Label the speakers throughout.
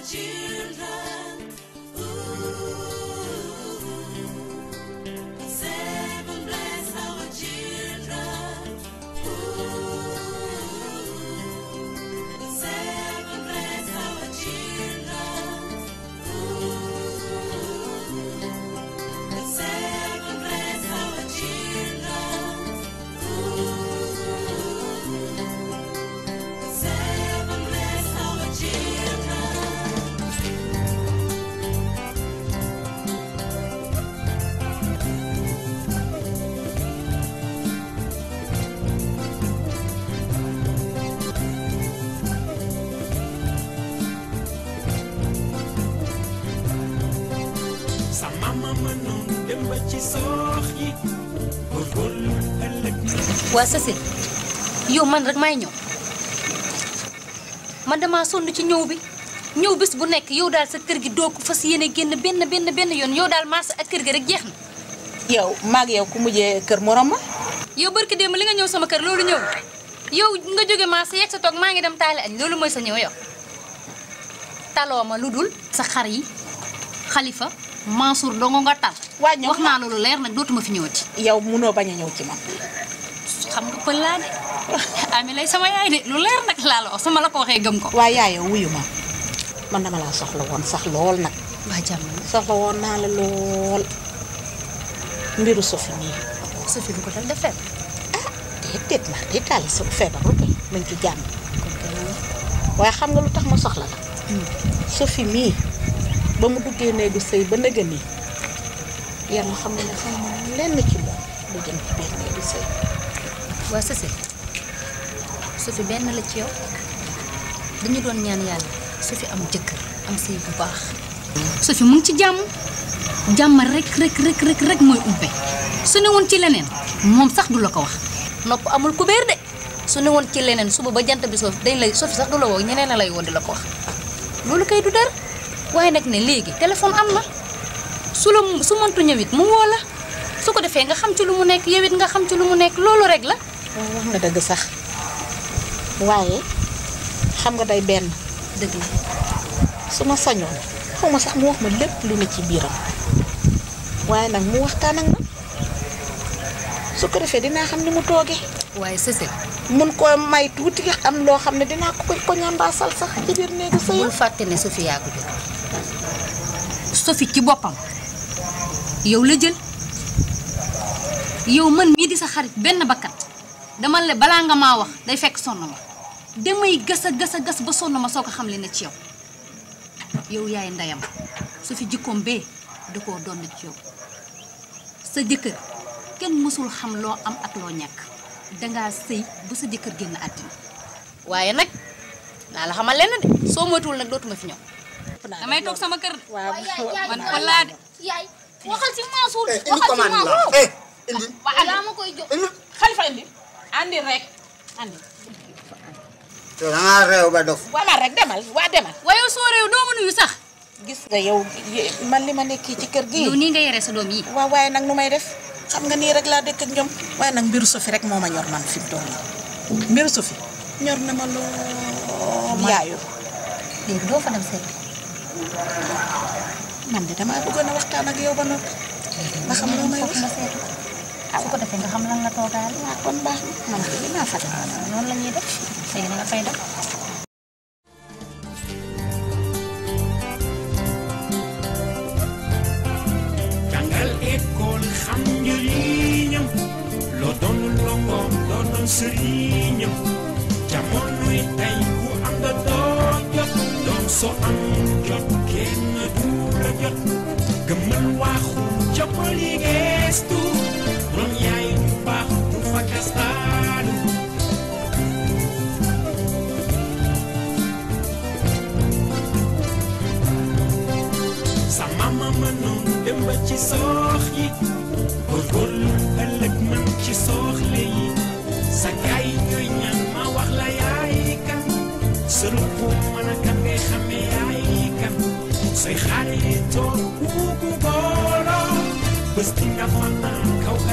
Speaker 1: Atlântico.
Speaker 2: waa Cécile yow man rek may ñew man dama sonn ci ñew bi ñew bis bu nek yow dal sa kër gi do ko fas yene genn ben ben ben yon yow dal mars ak kër gi rek jeex na.
Speaker 3: yow yow ku mujjé kër morom ma.
Speaker 2: yow barki dem li nga ñew sama kër lolu ñew yow nga jóge marché yex sa tok ma ngi dem talé añ lolu moy sa ñew yow taloo ma sa xar yi khalifa Mansour dongo nga tal. waa ñëw wax naa loolu leer nag dootuma fi ñëwati. yow munoo bañ a ñëw ci man. xam nga pël laa de ami lay sama yaay de lu leer nag laa la wax sama la ko waxee gëm ko. waaye yaayoo wuyu ma na ma laa soxla woon sax lool nag. waa soxla woon naa la lool mbiru Sophie nii. Sophie lu ko dal def feebar. ah déedéet ndax di taal sa feebarul de ci jàmm. waaye xam nga lu tax ma soxla la. Hmm. Sophie mii. ba mu duggee du sëy ba nëgë nii yàlla xam ne xam ne lenn ci moom du jëm ci biir néegu sëy waa sësi su fi benn la ci yow dañu doon ñaan yàlla su fi am jëkkër am sëy bu baax su fi mu ngi ci jàmm jàmm rek rek rek rek rek mooy ubbe su ne woon ci leneen moom sax du la ko wax nopp amul kubéer de su ne woon ci leneen suba ba jant bi soof dañ lay sofi sax du la woo ñeneen a lay woon di la ko wax loolu kay du dar waaye nag ne léegi téléphone am na su la su mëntu ñëwit mu woo la su ko defee nga xam ci lu mu nekk yow nga xam ci lu mu nekk loolu rek la.
Speaker 3: waaw sax
Speaker 2: waaye xam nga day benn. dëgg su ma sañoon xaw ma lépp lu ne ci biiram waaye nag mu waxtaan ak ma su ko defee dinaa xam ni mu toogee. waaye sësël mun koo may tuuti am loo xam ne dinaa ko ko ñambaasal sax ci biir néegu sëy. bul fàtte ne Sofia ko jot. Sophie ci boppam yow la jël yow mën mii di sa xarit benn bakkat demal le balaa nga maa wax day fekk sonn ma damay gas a gas ba sonn ma soo ko xam le ne ci yow yow yaay ndeyam Sophie jikkoom bee da ko doon ci yow sa jëkkër kenn mësul xam loo am ak loo ñàkk danga séy ba sa jëkkër génn àddina waaye nag naa la xamal lenn de soo moytuwul nag dootuma fi ñëw na damay sama ker, man wallaa de waxal ci Mansour waxal ci Mansour eh indi
Speaker 3: waxal ma koy jox Khalifa indi andi rek
Speaker 2: andi da nga rew ba dof wala rek demal wa demal wayo so rew do ma nuyu sax gis nga yow man li ma nekki ci kër gi yow ni nga yere sa doom yi waaw waaye nag def xam nga nii rek laa dëkk ak ñoom waaye nag mbiru sofi rek moo ma ñor man fi mu toll mbiru sofi ñor na ma lool yaayu léegi doo fa dem seet man de damaa bëggoon a waxtaan ak yow ba noppi. ba xam loo may wax ah bu ko defee nga xam lan la toogaale. waaw kon baax na man dinaa fa def. noonu la ñuy def léegi nga fay def.
Speaker 1: jàngal école xam njëriñam loo don ndongoom loo doon sëriñam jamonoy tey ku am da do jot doon so am. Gemen wahu jopoli gestu Belum yai upah ufa kastadu Sama memenung demba cisohi Gorgol elek men cisohli Sakai kenyang mawah layakan Serupuk Soy Jarito, Cucubolo, Cristina Juana, Cauca.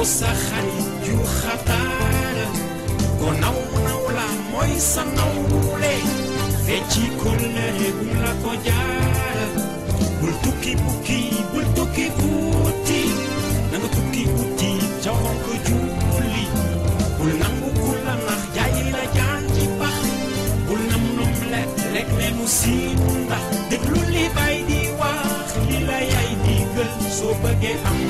Speaker 1: Con fosagadi yuhatara konaonaola moisanaule vecikollere ulakojara bultukibuki bultukikuti nangutukikuti jawanko juli bulnangukulanah jaila janjiba bulnamnomlet leklenusinda degluli baydi wax lila yay digal so bëggee am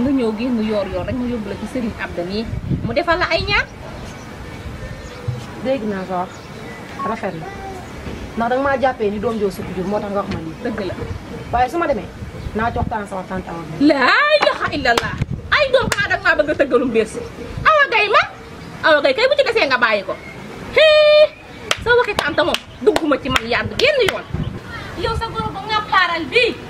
Speaker 3: nga ñëw génn yor yor rek mu yobul ci serigne abdani mu defal la ay ñaan deg na ko wax rafet na ndax dag ma jappé ni dom jow sukk motax nga wax ma ni deug la waye suma démé na naa jox taan sama nah, tante awa la ilaha illallah ay dom xanaa dag ma bëgg a tëggalum awa gay ma awa gay kay bu ci desee nga bayiko hi hee sa waxi tante moom dugguma ci man iya, yàgg iya, genn yoon yow iya, sa goro ba nga paaral bi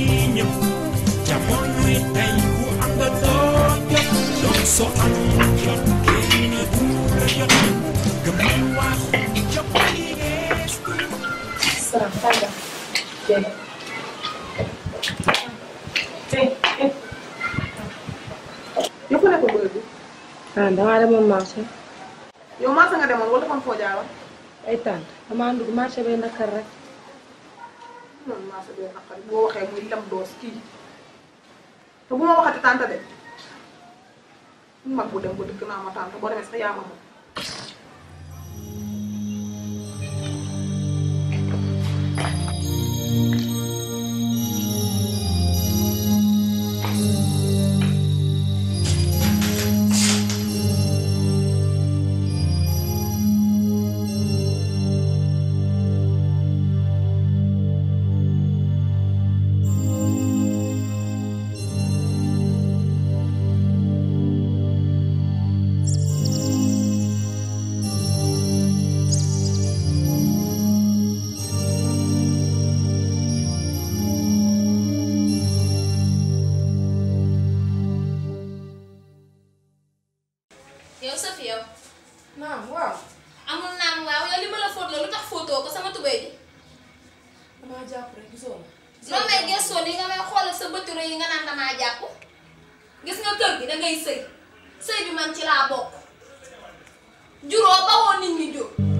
Speaker 1: Serang saja. Jadi. Eh,
Speaker 3: eh. Yo ko nga demoon wala kon foo jaara? Ay tante, dama ànd dugg marché bay nakar rek. Man marché bay nakar boo waxee muy lam
Speaker 2: Te waxati tante de. mag bu dem naa ma tànn boo demee sax yaa na maa jàpp gis nga kër gi da ngay sëy sëy bi man ci laa bokk juróo ba woon